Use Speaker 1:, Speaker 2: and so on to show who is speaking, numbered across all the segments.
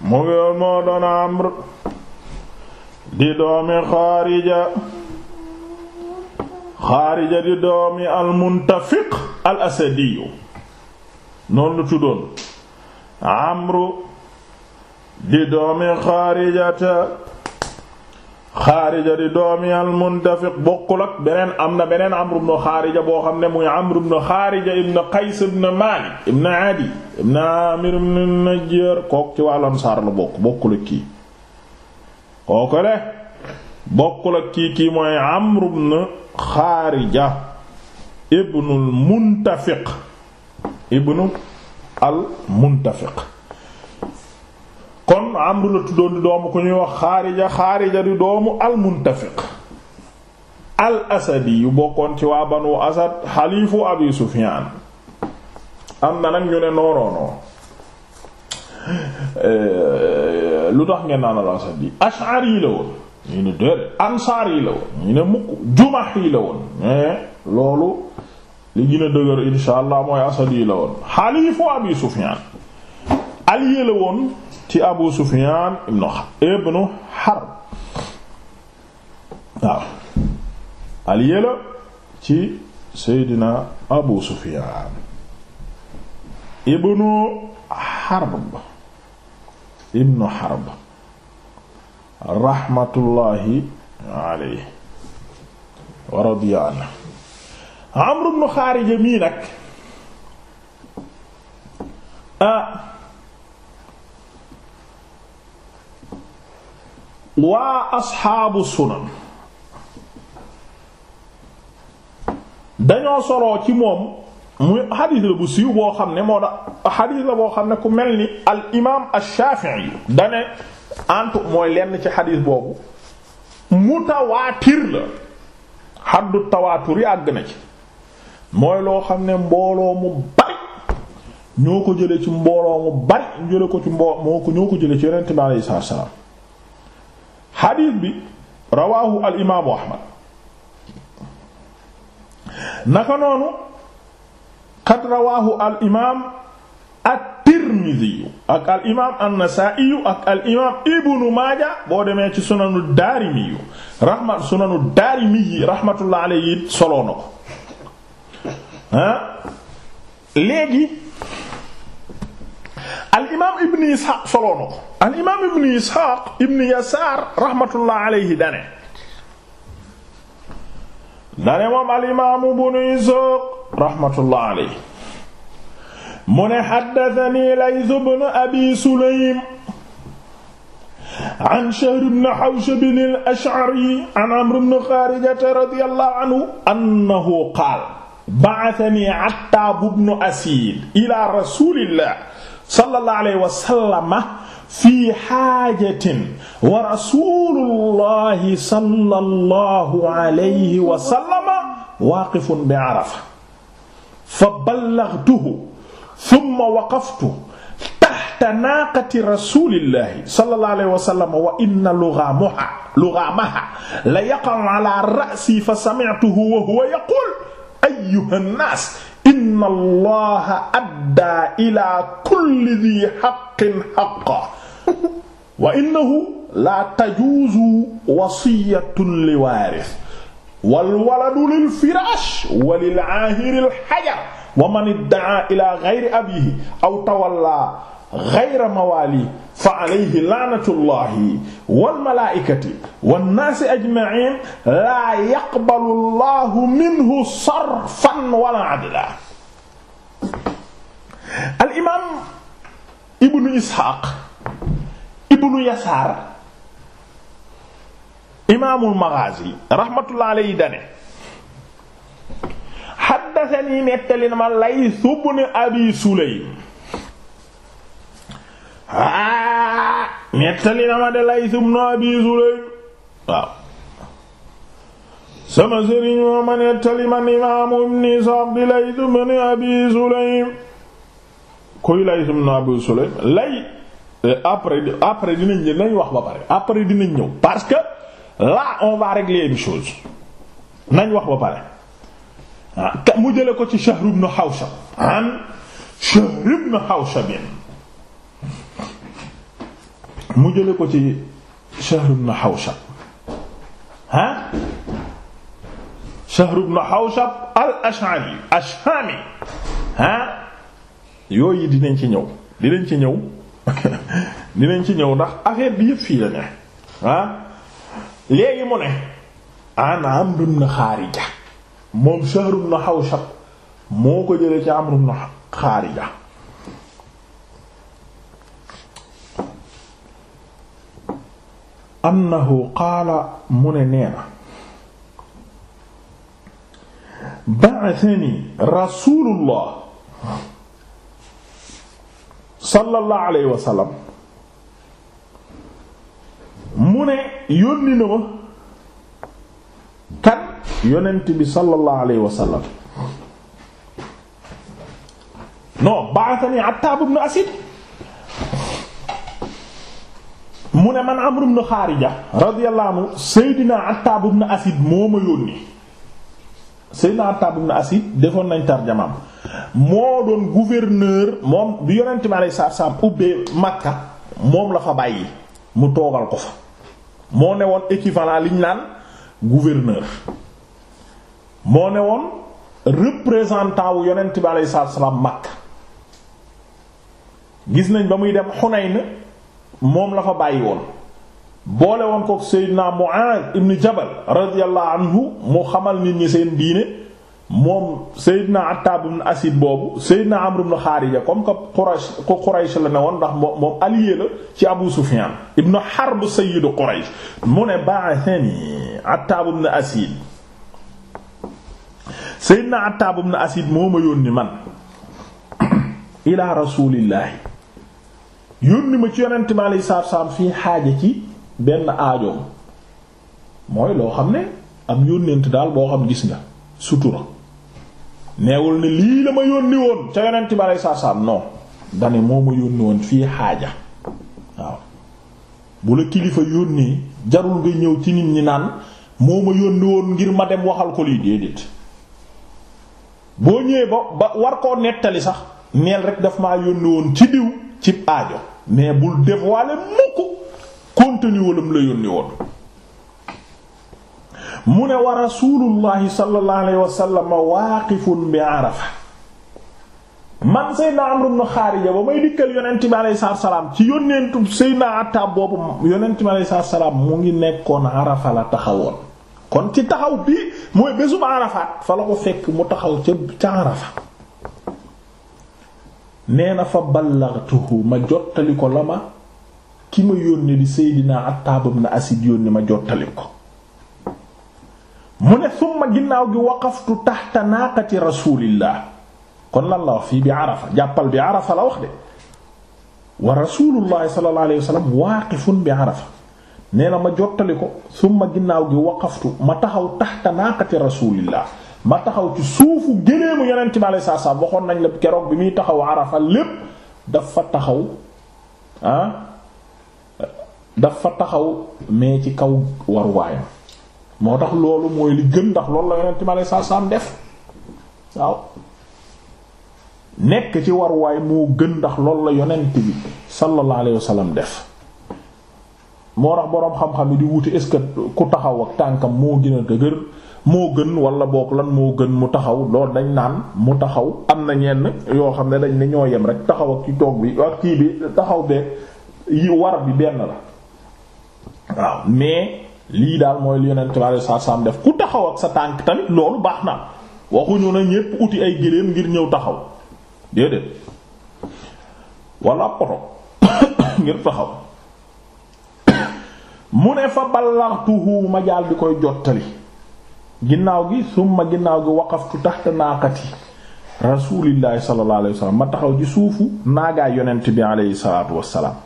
Speaker 1: mu ngi moo doon Amr di doomi Xaarija Xaarija di doomi al-Muntafiq al lu tuddoon Amr di doomi Xaarijata xaarija di doomi almuntafiq bokkul ak beneen am na beneen amru ibn xaarija boo xam ne muy amru na xaarija ibn qays ibn maalik ibn adi ibn amir ibn najjar kook ci wàllan saar la bokk bokkul ak kii kooku le bokkul ak kii kii mooy amru ibn xaarija ibnul muntafiq ibnu al muntafiq kon amru la tuddoon di doomu ku ñuy wax xaarija xaarija di doomu almuntafiq al yu bokkoon ci waa banu asad xaliifu abi sufiyaan am na nag ñu ne nooroonoo eh, lu tax ngeen naan al asadi ash'ari la woon ñu ne déedéet ansaari la woon ñu ne mukk jumahi la woon eh, loolu li gën a dëgër insha allah mooy asadi la woon xaliifu abi sufiyaan aliyee la woon ci Abu Sufyan ibnu ibnu Harb waaw allié la ci Seydina Abu Sufyan ibnu Harb ibnu Harb rahmatullahi alayhi wa radiya anhu Amr ibnu Xaarija mii nag ah waa asxaabu sunan dañoo soloo ci moom muy xadiis la bu siiw boo xam ne moo tax xadiis la boo xam ne ku mel ni al imaam ash-Shafi'i dane antu mooy lenn ci xadiis boobu mutawaatir la xaddu tawaatur yi àgg na ci mooy loo xam ne mbooloo mu bari ñoo ko jële ci mbooloo mu bari ko ci mboo moo ko ñoo ko jële ci yonent bi alayhi salaam xadiis bi rawaahu al imaamu ahmad qad rawaahu al imaam at-Tirmidhi al imaam ak al Ibnu Maaja boo demee ci sunanu Daarimi rahma sunanu Daarimi rahmatullah alayhi soloo na ko ah Ibnu Isxaaq soloo al imaam ibnu isxaaq ibnu yasaar raxmatullah alayhi dane dane moom al imaam ibnu isxaaq raxmatullah alayhi mu ne xaddatani layth ibnu abi sulaym an Shahr ibn Hawshab al-Ash'ari an Amr ibn Xaarijata radiyallahu anhu annahu qaala ba'athanii Attaab ibn Asiid ilaa rasuulillah sallallahu alayhi wa sallam fii xaajatin wa rasulullahi sallallahu alayhi wa sallama waaqifun bi arafa fa ballaghtuhu thumma waqaftu tahta naaqati rasulillahi sallallahu alayhi wa sallam wa inna lughamaha lughamaha la yaqa'u ala ra'si fa sami'tuhu wa huwa yaqul ayyuha an-nas inna allaha adda ila kulli dhi haqqin haqqahu wa innahu la tajuuzu wasiyatun li waaris wal waladu lil firaash wa lil aahiri al hajar wa man iddaa ila ghayri abiihi aw tawallaa ghayra mawaali fa alayhi laanatullahi wal malaa'ikati wan naasi ajma'iin laa yaqbalu allahu minhu sarfan wala adlan. al imaam ibnu Isxaaq ibnu yasaar imaamul maghazi rahmatullah alayhi dane xaddasani nettali na ma layth ibn abi sulaym aa nettali na ma de layth ibn abi sulaym waaw sama sëriñ moo ma nettali man imaamu ibn isaaq di layth ibn abi sulaym kuy layth ibn abi sulaym lay Euh, après après dinañ dinañ wax ba pare après nañ ñëw parce que là on va régler chose nañ wax ba pare ah, te mu jële ko ci Shahr ibn Hawshab an Shahr ibn mu jële ko ci Shahr ibn Hawshab ah Shahr ibn Hawshab al-Ash'ari ash-Shami ah yooyu dinañ ci ñëw dinañ ci ñëw dinañ ci ñëw ndax affaire bi yëpp fii la ne ah léegi mu ne an Amr ibn Xaarija moom Shahr ibn Hawshab moo ko jëlee ci Amr ibn Xaarija annahu qaala mu ne nee na ba'athani rasulullah sallallahu alayhi wa mu ne yónni na ma kan yonent bi sallallahu alayhi wa sallam non ba'athani Attab Asid mu ne man Amr ibn Kharija radiyallahu anhu Seydina Attab ibn Asid moo ma yónni Seydina Attab Asid defoon nañ tarjamaam moo doon gouverneur moom bi yonent bi alayhi salaam ubbee Makka moom la fa bàyyi mu toogal ko fa moo ne woon équivalent liñ naan gouverneur moo ne woon représentant wu yonent bi alayhi salaam Makka gis nañ ba muy dem Hunayn moom la fa bàyyi woon boole woon ko Seydina Mu'adh ibn Jabal radiyallahu anhu mu xamal nit ñi seen diine moom naa Attab ibn Asid boobu Seydina Amr ibn Xaarija comme que Quraysh ko Quraysh la ne woon ndax moom moom allié la ci Abu Sufyaan ibn Harb sayyidu Quraysh mu ne ba'athani Attab ibn Asid Seydina Attab ibn Asid moo ma yónni man ila rasuulillaahi yónni ma ci yonent mi alayhi salaatu salaam fii xaaja ci benn aajoom mooy loo xam ne am yónnent daal boo xam gis nga sutura neewul ne lii la ma yónni woon ca yonent bi aleyhi salaatu salaam non moo ma yónni woon fii xaaja waaw bu la kilifa yónnee jarul nga ñëw ci nit ñi naan moo ma yónni woon ngir ma dem waxal ko lii déedéet boo ñëwee ba ba war koo nettali sax neel rek daf maa yónni woon ci diw ci aajo mais bul dévoiler mukk contenu la yónni woon mu ne wa rasulullahi sallallahu alayhi wa sallam waaqifun bi arafa man Seydina Amr ibn Xaarija ba may dikkal yonent bi alayhi salaam ci yonentu Seydina Attaab boobu yonent bi alayhi salaam mu ngi nekkoon arafa taxawoon kon ci taxaw bi mooy bésub arafaat fa la fekk mu taxaw ca ca arafa na fa ballaghtuhu ma jottali ki ma yónni di Seydina Attaab ibn Asid yónni ma jottali ko mu ne summa ginnaaw gi waqaftu taxta naaqati rasulillah kon lan la wax fii bi arafa jàppal bi arafa la wax de wa rasulullahi sallallahu alayhi wa sallam waaqifun bi arafa nee na ma jottali ko summa ginnaaw gi waqaftu ma taxaw taxta naaqati rasulillah ma taxaw ci suufu géneemu yonente bi sa salaam waxoon nañ la keroog bi muy taxaw arafa lépp dafa taxaw ah dafa taxaw mais ci kaw war waayam moo tax loolu mooy li gën ndax loolu la yonent mi aleyhi salaatu salaam def waaw nekk ci waruwaay moo gën ndax loolu la yonent bi sallallahu alayhi wasallam def moo tax boroom xam-xam yi di wuti est-ce que ku taxawak tànkam moo gën a moo gën wala boog lan moo gën mu taxaw lool dañ naan mu taxaw am na ñenn yoo xam ne dañ ne ñoo yem rek taxaw ci toog bi ak kii bi taxaw be yi war bi benn la waaw mais. lii daal mooy li yonent bi saa saam def ku taxaw ak sa tànk tamit loolu baax na waxuñu na ñépp uti ay géléem ngir ñëw taxaw déedéet walla poto ngir taxaw mu ne fa ballartuhu ma jaal bi koy jottali ginnaaw gi summa ginnaaw gi waqaftu tahta naaqati rasulillahi sallallahu alayhi ma taxaw ci suufu naagaay yonent bi alayhi salaatu wassalaam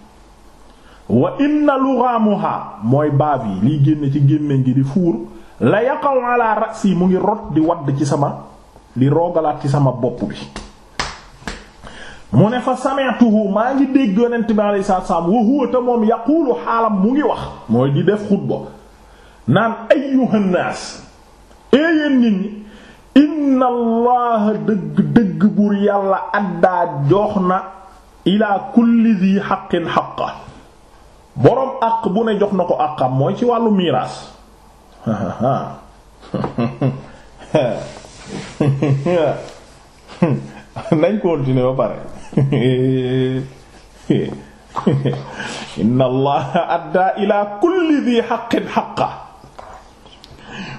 Speaker 1: wa inna lughaamuha mooy baab yi liy génn ci gémmiñ gi di fuur la yaqaw ala ra'si mu ngi rot di wadd ci sama di roogalaat ci sama bopp bi mu ne fa sami'tuhu maa ngi dégg yonent bi alayhi salaam wa huwa ta moom yaqulu xaalam mu ngi wax mooy di def xutba naan ayyuhan naas éeyéen nit ñi inna allaha dëgg-dëgg buur yàlla addaa jox na ila kulli dhi haqqin haqqa boroom àq bu ne jox na ko àqam mooy ci wàllu miraas nañ continuer ba pare inna allaha addaa ila kulli dhi haqqin haqqa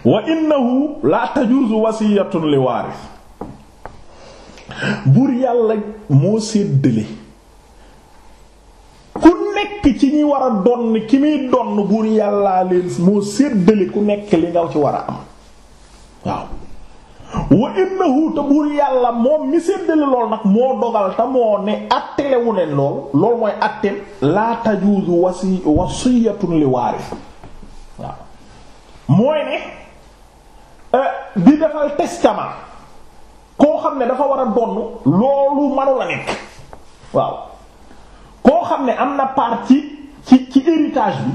Speaker 1: wa innahu la tajuzu wasiyatun li waaris buur yàlla moo séddale ki ñuy war a donn ki muy donn buur yàllaa leen moo séddale ku nekk li nga ci war a am waaw wa innahu te buur yàlla moom mi séddale lool nag moo dogal te moo ne àttelewu leen lool lool mooy àttel laa tajuuzu wasi li waaris waaw mooy ne euh, di defal testament koo xam ne dafa war a donn loolu manu nekk waaw koo xam ne am na partie ci ci héritage bi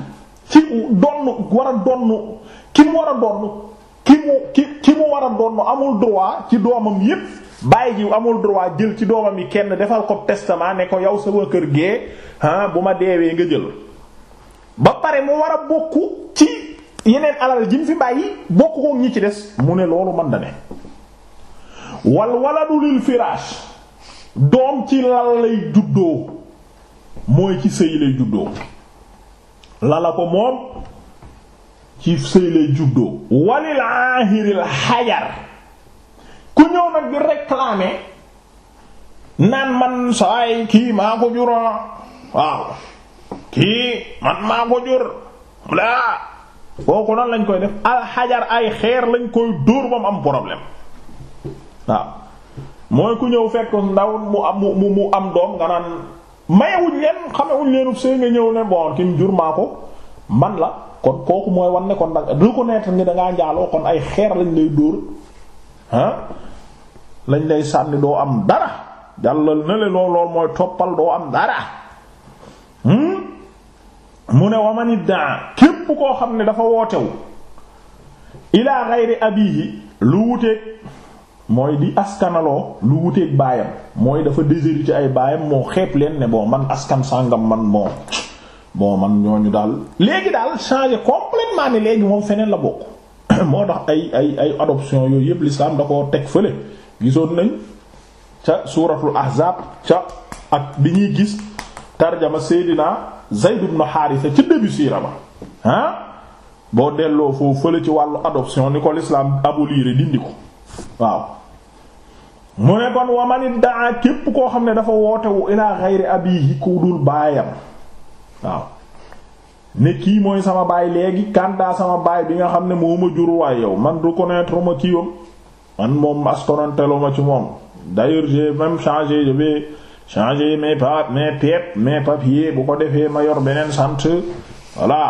Speaker 1: ci donn war a donn ki mu war donn amul droit ci doomam yépp bàyyi ji amul droit jël ci doomam yi kenn defal ko testament ne ko yow sama kër gee ah, bu ma deewee nga jël ba pare mu war a bokk ci yeneen alal ji mu fi bàyyi bokk ko ñi ci des mu ne loolu man da ne wal waladu lil firaash doom ci lal lay juddoo mooy ci sëy lay juddoo lala ko moom ci sëy lay juddoo walil aahiril xajar ku ñëw nag di réclamer naan man saay kii maa ko juroon waaw kii man maa ko jur laa kooku nan lañ koy def xajar ay xeer lañ koy dóor ba mu am problème waaw mooy ku ñëw fekk ndaw mu mu mu am doom nga naan mayewuñ leen xamewuñ leenub sëy nga ñëw ne bon kim jur maa ko man la kon kooku mooy wan ne kon ko reconnaître ni dangaa njaaloo kon ay xeer lañ lay dóor ah lañ lay sànni doo am dara jàllal na lool lool mooy toppal doo am dara hmm? mu ne wamani daa képp koo xam ne dafa wootewu ilaa xayri abihi lu wuteek mooy di askanaloo lu wuteek baayam mooy dafa ci ay baayam moo xeeb leen ne bon man askan sàngam man moo bon man ñooñu daal léegi daal changé complètement ni léegi moom feneen la bokk moo tax ay ay ay adoption yooyu yëpp l'islam da koo teg fële gisoon nañ ca suuratul ahzab ca ak bi ñuy gis tarjama seydina Zayd ibn Haarisa ca début siira ba ah boo delloo foofu fële ci wàllu adoption ni ko l'islam abolire dindi ko waaw mu ne kon wa man iddaa képp koo xam ne dafa wootewu ilaa xayri abiihi ku dul baayam waaw ne kii mooy sama baay léegi kantaa sama baay bi nga xam ne moo ma jur waay yow man reconnaître ma kii wam man moom askonantelu ma ci moom d'ailleurs j'ai même changé je vais changer mes pa mes piep mes papiers bu ko defee ma yor beneen sant voilà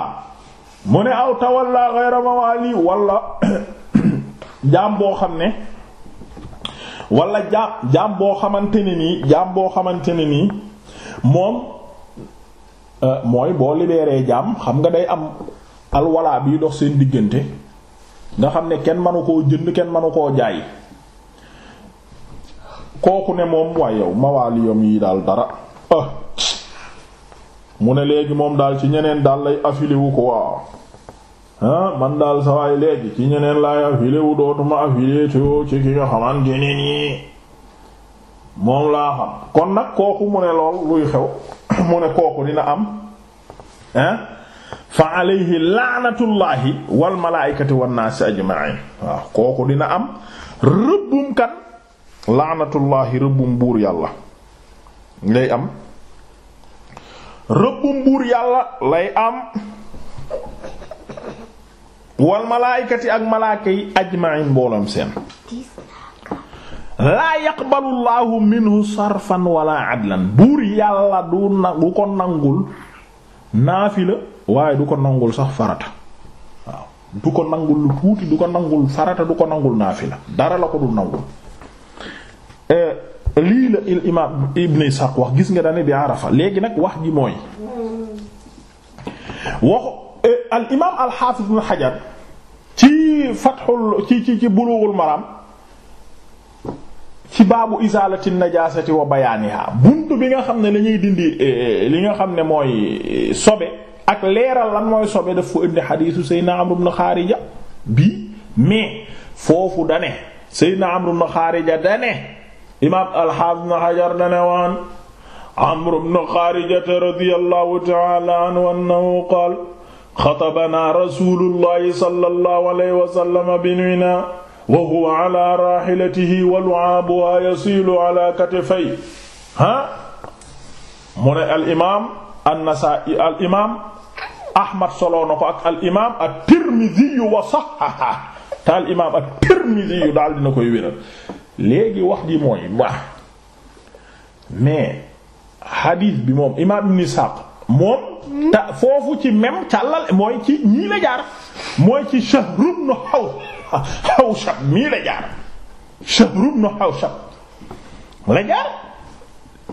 Speaker 1: mu ne aw tawalla xayra mawali walla jaam boo xam ne wala jaam jaam boo xamante ne nii jaam boo xamante ne nii moom euh, mooy boo libéré jaam xam nga day am alwalaa bi dox seen diggante nga xam ne kenn mënu koo jënd kenn mënu koo jaay kooku ne moom waa yow mawaaliyam yi daal dara ah, mu ne léegi moom daal ci ñeneen daal lay affilié wu ko waaw ah man daal sawaay léegi ci ñeneen laay affilé wu dootuma affilé to ci ki nga xamante ne nii moom laa xam kon nag kooku mu ne lool luy xew mu ne kooku dina am ah fa alayhi laanatullaahi wal malaayikati wan naasi ajma'in kooku dina am rëbbum kan laanatullaahi rëbbum buur yàlla lay am rëbbum buur yàlla lay am wal malaaykati ak malaaka yi ajma'in mbooloom seen laa yaqbalu llaahu minhu sarfan wala adlan buur yàlla du na du ko nangul naafila waaye du ko nangul sax farata waaw du ko nangul lu tuuti du ko nangul farata du ko nangul naafila dara la ko du nangul eh, lii la il imaam wax gis nga dane bi Arafa léegi nag wax ji mooy al imaam al xaafis ibn xajar ci fatxul ci ci ci maram ci baabu izaalati najaasati wa bayaaniha buntu bi nga xam ne lañuy dindi eh, eh, li nga xam ne mooy eh, sobe ak leeral lan mooy sobe daf fu indi xadiisu Seydina Amru ibn Xaarija bii mais foofu dane Seydina Amru ibn Xaarija dane imaam al-Haafiz ibn Hajar dane waan Amru ibn Xaarijata radiyallahu ta'ala anhu annahu xatabanaa rasuulullahi sallallahu alayhi wa sallam binina wa huwa ala raahilatihi wa lu'aabuhaa yasiilu ala katifay ha mu ne al imaam an-Nasaa'i al imaam Ahmad solo na ko ak al imaam at-Tirmidhi wa sahhaha te al imaam at-Tirmidhi daal dina koy wéral léegi wax ji mooy waax mais hadith bi moom imaam Ibn Isaaq moom. te foofu ci même càllal mooy ci ñii la mooy ci shahrubnu xaw xawshab mii la jaar shahrubnu xawshab la jaar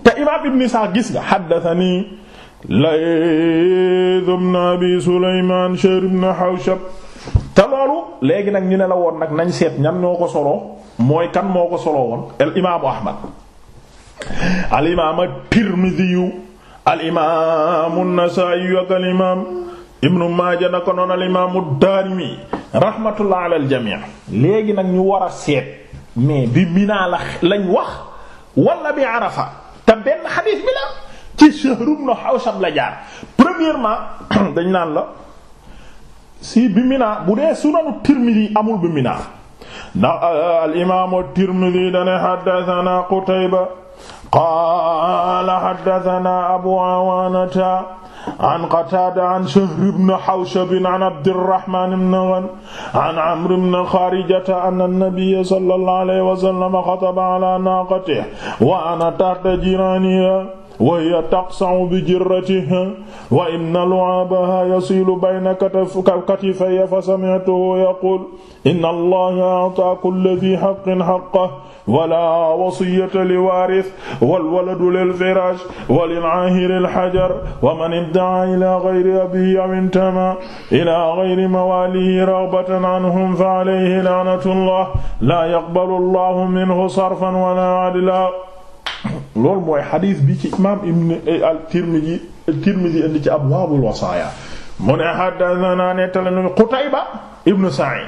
Speaker 1: te imaam ibn Isaaq gis nga haddathani Layth ibn Abi Sulaymaan shahrubnu xawshab te loolu léegi nag ñu ne la woon nag nañ seet ñan ñoo ko soloo mooy kan moo ko soloo woon al imaamu Ahmad al imaam at-Tirmidhi al-imaam an-Nasaa'i ak al-imaam ibnu Maaja al daarimi rahmatullah ala al-jamii léegi nag ñu war a seet mais bi Mina la lañ wax wala bi Arafa te benn xadiis bi ci Shahr ibn Hawshab la jaar premièrement dañ naan la si bi Mina bu dee Sunanu Tirmidhi amul bi Mina ndax euh, al-imaam at-Tirmidhi dana qaala haddasanaa abu awaanata an qataada an shahr ibn hawshab an abdirrahmaan ibn ghanm an amr ibn xaarijata anna nabiyya sallallaahu alayhi wa sallam xataba alaa naaqatihi wa ana tahta jiraanihaa wa hiya taqsa'u bi jirratiha wa inna lu'abaha yasilu bayna katifayya fa sami'tuhu yaqul inna allaha a'ta kulla dhi haqqin haqqahu wa la wasiyyata li warith wal waladu lil firash wa lil 'ahiri al hajar wa man idda'a ila ghayri abihi aw intama ila ghayri mawalihi raghbatan anhum fa alayhi la'natullah la yaqbalu allahu minhu sarfan wa la 'adlan loolu mooy xadiis bi ci imaam ibn eh, al-Tirmidhi Tirmidhi indi ci abwaabul wasaaya mu ne haddathana nettali nañu Qutayba ibn Sa'id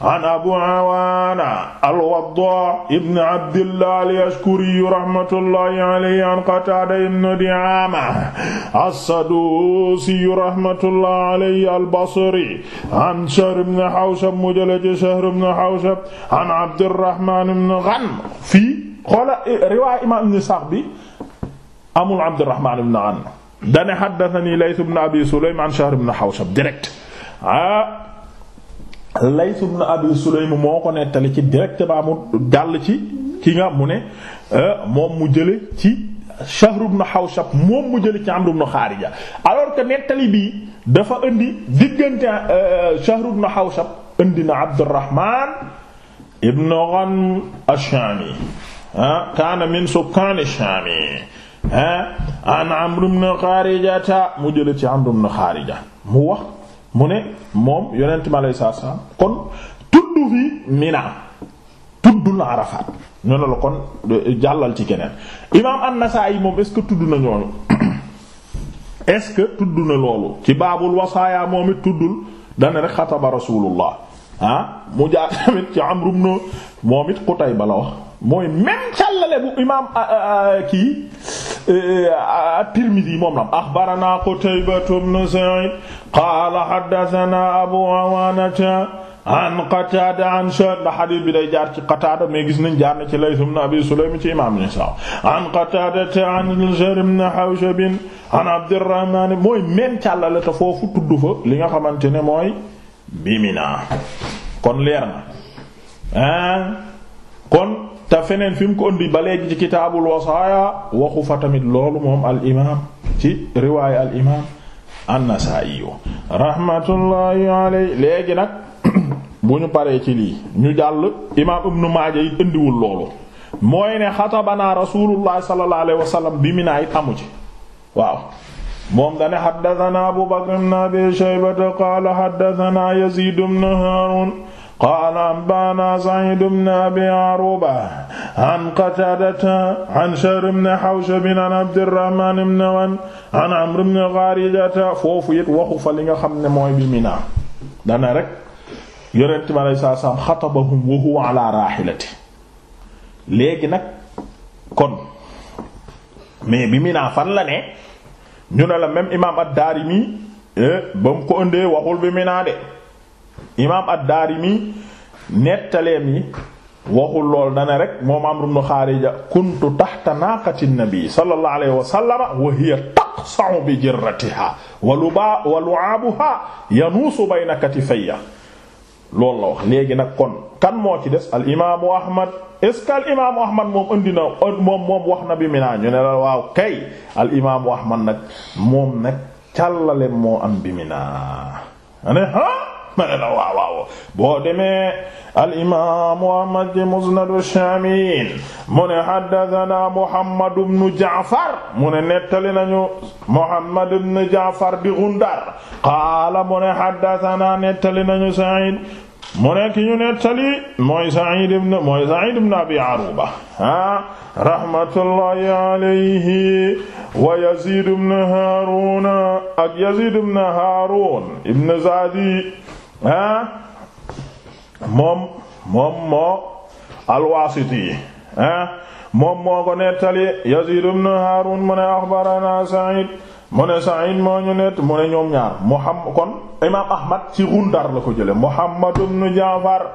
Speaker 1: an Abu Awaana al-Waddaa ibn Abdillah al-Yashkuri rahmatullahi alayhi an Qataada ibn Di'aama as-Saduusi rahmatullahi alayhi al-Basri an Shahr ibn Hawshab mu jële ci Shahr ibn Hawshab an Abdurrahmaan ibn Ghanm fii xoola eh, riwaay imam ibn Sa'd bi amul Abdurrahman ibn Ghanm dane haddathani Layth ibn Abi Sulaym an Shahr ibn Hawshab direct ah Layth Abi Sulaym moo ko nettali ci directement mu jàll ci ki nga mu ne eh, moom mu jële ci Shahr ibn Hawshab moom mu jële ci Amr ibn Kharija alors que nettali bi dafa indi diggante eh, Shahr ibn Hawshab indi na Abdurrahman ibn Ghanm ash kaana min sukkaani shaami an Amr ibn Xaarijata mu jële ci Amr ibn Xaarija mu wax mu ne moom yonent mi alayhi salaatu kon tudd fi Mina tuddul Arafat ñu la kon jàllal ci keneen imaam An-Nasaa'i moom est que tudd na ñooñu est-ce que tudd na loolu ci baabul wasaaya moom it tuddul dana rek xataba Rasuulullah mu jaar tamit ci Amr ibn moom it Qutayba la wax mooy même càllale bu imaam kii e, at-Tirmidhi moom lam axbarana Qutaybatu ibn Sa'id qaala haddathana Abu Awaanata an Qataada an Shaad da xadiis bi day jaar ci Qataada mais gis nañ jaar na ci Layth ibn Abi Sulaym ci imaam Nisaa an Qataada an Shahr ibn Hawshab an Abdurrahmaan mooy même càllale te foofu tudd fa li nga xamante ne mooy bi Mina kon leer na kon te feneen fi mu ko indi ba léegi ci kitaabul wasaaya waxu fa tamit loolu moom al ci riwaayu al imaam an-Nasaa'i rahmatullahi léegi nag bu ñu paree ci lii ñu jàll imaam ibnu Maaja it indiwul loolu mooy ne xatabanaa rasuulullahi sallallahu alayhi wa bi Minaa it amu ci waaw. moom dane haddasanaa Abu Bakr ibn Abi Shaybata qaala haddasanaa Yaziid ibn Haaruun qaala anba'anaa Sa'iid ibn Abi Aruuba an Qataadata an Shahr ibn Hawshab an Abdirrahmaan ibn Awf an Amr ibn foofu it waxu fa xam ne mooy bi Mina dana rek Yonent bi alayhi salaam xatabahum wa huwa alaa raahilatihi léegi nag kon mais bi Mina fan la ñu ne la même imaam ad-Daarimi eh, ba mu waxul bi Mina de. imaam ad-Daarimi nettaleem yi waxul lool dana rek moom Amru ibn Xaarija kuntu taxta naaqati nabi sallallahu alayhi wa wa hiya taqsa'u bi jirratiha wa lubaa wa lu'aabuha yanuusu bayna katifayya loolu la wax léegi nag kon kan moo ci des al imaamu ahmad est al imaamu ahmad moom indi moom moom wax na bi ñu ne la waaw kay al imaamu ahmad nag moom nag càllale moo am bi ma ne la waaw waaw boo demee al imaamu Ahmad ci Musnadu Shaamiyin mu ne haddathana Muhammad ibn Ja'far mu ne nettali nañu Muhammad ibn Ja'far di Gundar qaala mu ne haddathana nettali nañu Sa'id mu ne ki ñu nettali mooy Sa'id ibn mooy Sa'id ibn Abi Aruba ah rahmatullahi alayhi wa Yazid ibn Harun ak Yazid ibn Harun ibn Zadi ah moom moom moo al moom moo ko nettali Yazid ibn Harun mu ne axbarana Sa'id mu ne Sa'id moo ñu nett mu ne ñoom ñaar mu xam kon imaam ahmad ci Gundar la ko jële Muhammad ibn Jaafar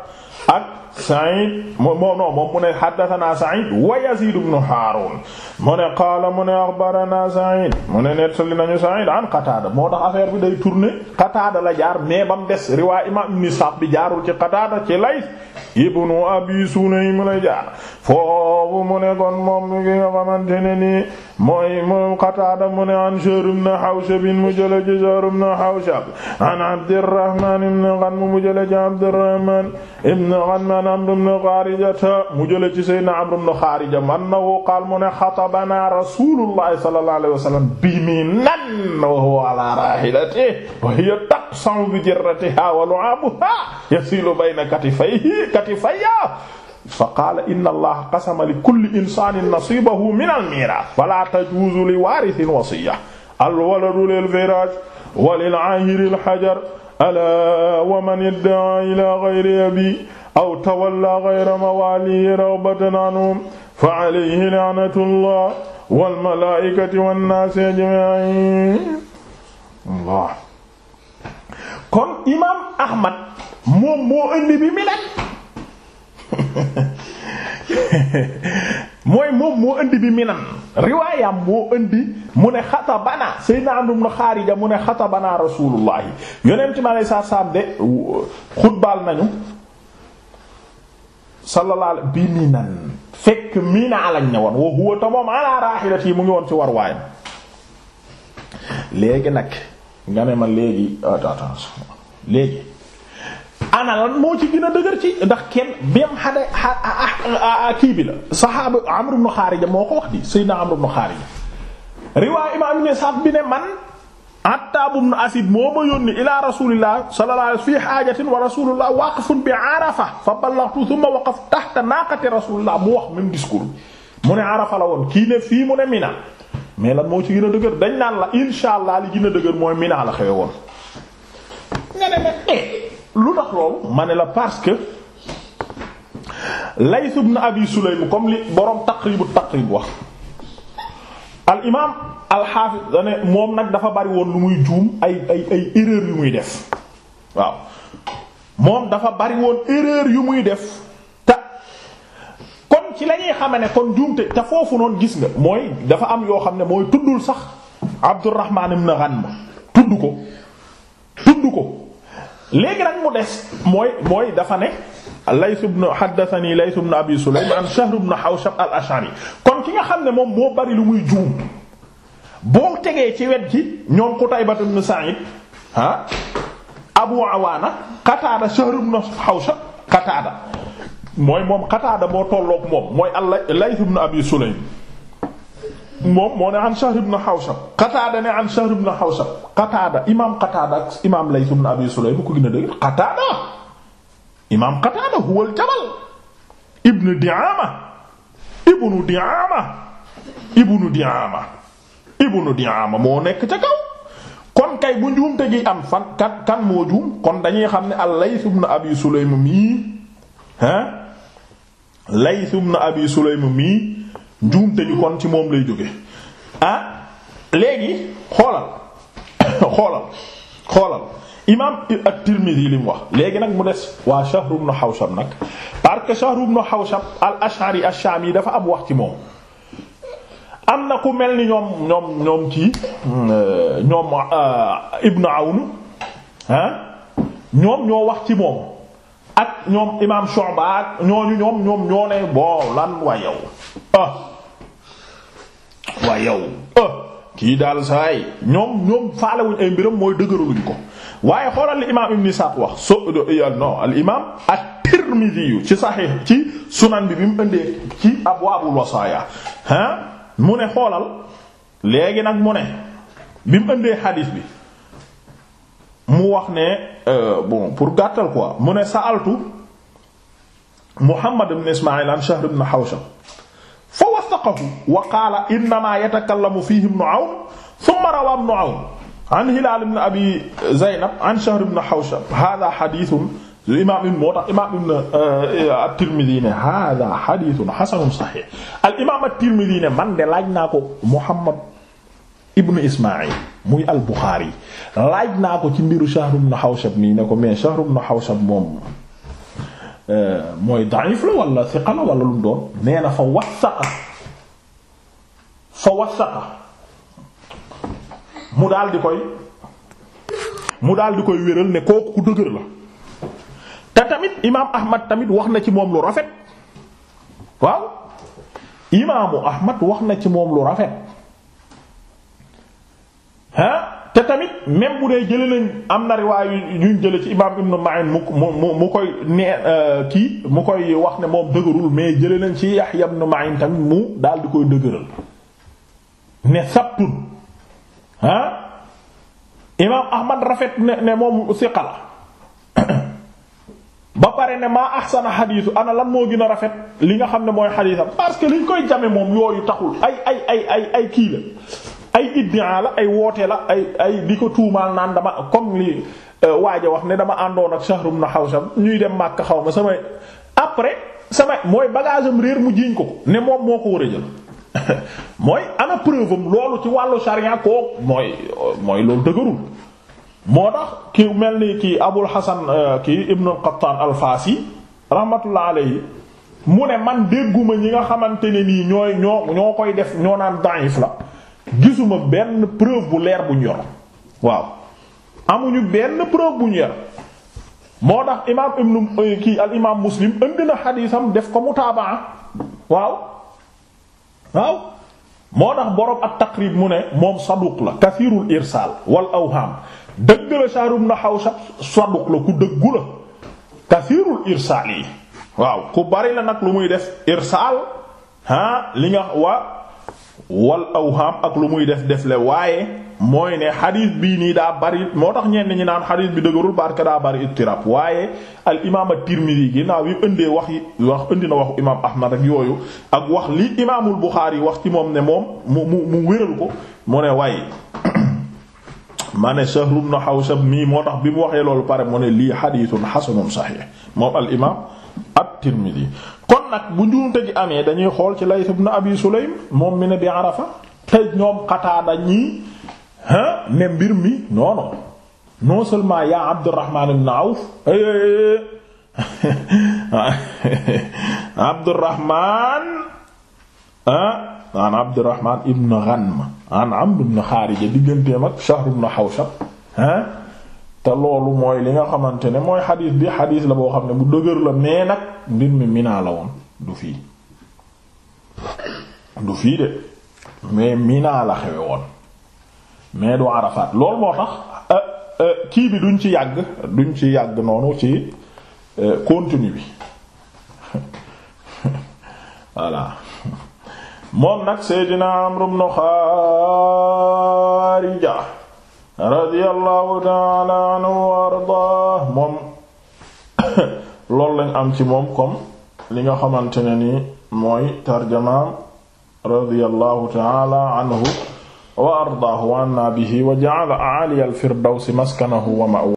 Speaker 1: ak Sa'id moom non moom mu ne haddathana Sa'id Harun mu ne qaala akhbarana Sa'id mu ne nettali nañu Sa'id an Qatada moo tax affaire bi day tourner Qatada la jaar mais bam des riwaay imaam ibn Sa'd bi jaarul ci Qatada ci Layth ibn Abi Sulaym la jaar foofu mu kon moom mi ngi nga xamante ne nii mooy an Shahr ibn Hawshab mu jële ci Shahr ibn Hawshab an Abdurrahman ibn Ghanm mu jële ci Abdurrahman ibn Ghanm an Amr ibn Kharijata mu jële ci Seydina Amr ibn Kharija annahu qaal mu ne xatabana Rasulullah sallallahu alayhi wa sallam bi Minan wa huwa ala rahilatihi wa hiya taqsa'u bi jirratiha wa lu'abuha yasilu bayna katifayhi katifayya fa qaala inna allaha qasama li kulli insanin nasibahu min al miiraas fala tajuuzu li waarisin wasiyya al waladu lil firaas walil aahiri alxajar alaa wa man iddaa ilaa gayri abi aw tawallaa gayra mawaalihi raghbatan anhum fa alayhi la'natullah wal malaa'ikati wan naasi ajma'iin Allah kon imaam Ahmad moom moo indi bi mi nag mooy moom moo indi bi minan riwaayam moo indi mu ne xatabana sayyidina Amr ibn Xaarija mu ne xatabana rasulullahi yonent mi aleyhi saa salaam de xutbaal nañu sallallahu bi minan fekk mina lañ ne woon wa huwa ta moom ala raahilati mu ngi woon ci war waayam léegi nag nga ne ma léegi léegi ana lan moo ci gën a dëgër ci ndax kenn même xada kii bi la sahaaba Amr ibn Xaarija moo ko wax di sayyidina Amr ibn Xaarija riwaay imam ibn Sa'd bi ne man Attaab ibn Asiid moo ma yónni ila rasulillah sallallahu fi haajatin wa rasulullah waqifun bi Arafa fa ballaghtu thumma waqaftu tahta naaqati rasulillah mu wax même discours mu ne Arafa la woon kii ne fii mu ne Mina mais lan moo ci gën a dëgër dañ naan la insha allah li gën dëgër mooy Mina la xewe woon lu tax loolu ma ne la parce que Layth ibn Abi Sulaym comme li boroom taqribu taqrib wax al imaam al xaafis ne moom nag dafa bari woon lu muy juum ay ay ay erreur yu muy def waaw moom dafa bari woon erreur yu muy def te kon ci la ñuy xame ne kon juumte te foofu noonu gis nga mooy dafa am yoo xam ne mooy tuddul sax Abdurrahman ibn Ghanm tudd ko tudd ko. léegi rek mu des mooy mooy dafa ne Layth ibn haddathani Layth ibn Abi Sulaym an Shahr ibn Hawshab al-Ash'ari kon ki nga xam ne moom moo bari lu muy juum boo tegee ci wet ji ñoom Qutayba ibn Sa'id ah Abu Awaana Qataada Shahr ibn Hawshab Qataada mooy moom Qataada boo tolloog moom mooy al Layth ibn Abi Sulaym moom moo ne an Shahr xaw Hawshab Qataada ne an Shahr ibn Hawshab Qataada imaam Qataada ak imaam a dëgg Qataada imaam Qataada huwa al-Jabal ibn Di'aama ibn Di'aama ibn Di'aama ibn Di'aama moo nekk ca kaw kon kay bu njuumte gi am fan kan moo juum kon dañuy xam ne al-Layth ibn Abi Sulaym mii ah Layth ibn Abi Sulaym mii njuumte ju kon ci moom lay jóge ah léegi xoolal xoolal xoolal imaam at-Tirmidhi li mu wax léegi nag mu des waa Shahr ibn Hawshab nag parce que Shahr ibn Hawshab al-Ash'ari ash-Shami dafa am wax ci moom am na ku mel ni ñoom ñoom ci kii euh, ñoom euh, Ibn Awn ah ñoom ñoo wax ci moom ak ñoom imaam Shu'ba ñooñu ñoom ñoom ñoo ne bon waa yow ah. waa yow ah, kii daal saay ñoom ñoom faalewuñ ay mbiram mooy dëgëraluñ ko waaye xoolal li imaam ibn Sa'd wax so non al imaam at-Tirmidhi ci saxiix ci sunan bi bi mu indee ci abwaabul wasaaya ah mu ne xoolal léegi nag mu ne bi mu indee xadiis bi mu wax ne euh, bon pour gàttal ko mu ne sa'altu Muhammad ibn Ismaa'il an Shahr ibn Hawshab saqahu wa qaala innama yatakallamu fihi ibnu awn thumma rawa ibnu awn an hilaal ibn abi zaynab an shahr ibn hawshab hada hadithun imaam ibn moo tax imaam ibn eh, at-Tirmidhi ne hada hadithun hasanun sahih al imaam at-Tirmidhi ne man de laaj naa ko Muhammad ibn Ismaïl muy al-Bukhari laaj naa ko ci mbiru shahr ibn hawshab mii ne ko mais shahr ibn hawshab moom eh, mooy da'if la wala thiqa la wala lu mu doon nee na fa wasaqa fa wasata mu daal di koy mu daal di koy wéral ne kooku ku dëgër la te tamit imaam Ahmad tamit wax na ci moom lu rafet waaw imaamu Ahmad wax na ci moom lu rafet ah te tamit même bu dee jëlee nañ am na riwaay yuñ jëlee ci imaam Ibn Ma'in mu mu mu koy nee euh, kii mu koy wax ne moom dëgërul mais jëlee nañ ci Yahya ibn Ma'in tamit mu daal di koy dëgëral. ne sabtun ah imaam ahmad rafet ne ne moom siqa la ba pare ne maa ahsana xadiisu ana lan moo gën a rafet li nga xam ne mooy xadiisam parce que li liñ koy jame moom yooyu taxul ay ay ay ay kii la ay iddia la ay woote la ay ay di ko tuumaal naan dama comme li euh, waaja wax ne dama àndoon ak shahrum na xawsam ñuy dem màkk xaw ma samay après samay mooy bagage am réer mu jiiñ ko ne moom moo ko war mooy ana preuve loolu ci wàllu sharia kooku mooy mooy loolu dëgërul moo tax ki mel ni ki abul hasan euh, ki ibnu qattan alfaasi rahmatullah alayhi mu ne man dégguma ñi nga xamante ne nii ñooy ñoo koy def ñoo naan daif la gisuma benn preuve bu leer bu yor waaw amuñu benn preuve bu ñu yor moo tax imaam ibnu euh, kii al muslim indi na xadiisam def ko mutaabaa waaw waaw moo tax borom ak taqrib mu ne moom saduq la kathirul irsaal wal awham dëgg la sharum na xaw saduq la ku dëggu la kathirul irsaal yi waaw ku bari la nag lu muy def irsaal ha li nga wa wal awham ak lu muy def def le waaye mooy ne xadis bii nii daa bari moo tax ñenn ñi naan xadis bi dëgërul barka daa bari ittirab waaye al imaam at-Tirmidhi ginnaaw yu indee wax yi wax indi na waxu imaam Ahmad rek yooyu ak wax li imaamul yi wax ci moom ne moom mu mu mu wéral ko mu ne waaye ma ne na xaw sa mii moo tax bi mu waxee loolu pare mu ne lii xadiisun xasanun saxiix moom al imaam at-Tirmidhi kon nag bu njuumte gi amee dañuy xool ci Layth ibn Abi Sulaym moom mi ne bi Arafa te ñoom ah ne mbir mi non non non seulement yaa Abdurrahman ibn Awf eh, eh, eh. Abdurrahman ah an Abdurrahman ibn Ghanm an Amr ibn Kharija digganteem ak Shahr ibn Hawshab ah te loolu mooy li nga xamante ne mooy xadiis bi xadiis la boo xam ne bu dëgër la mais nag mbir mi Mina la woon du fii du fii de mais Mina la xewe woon mais du Arafat loolu moo tax euh, euh, kii bi duñ ci yàgg duñ ci yàgg noonu ci euh, contenu bi voilà moom nag Seydina Amr ibn Kharija radiyallahu ta'ala anhu wa moom loolu lañ am ci moom comme li nga xamante ne ni mooy tarjamaam radiyallahu ta'ala anhu wa ardaahu wa anna bihi wa ja'ala a'ali al-firdawsi maskanahu wa ma'waahu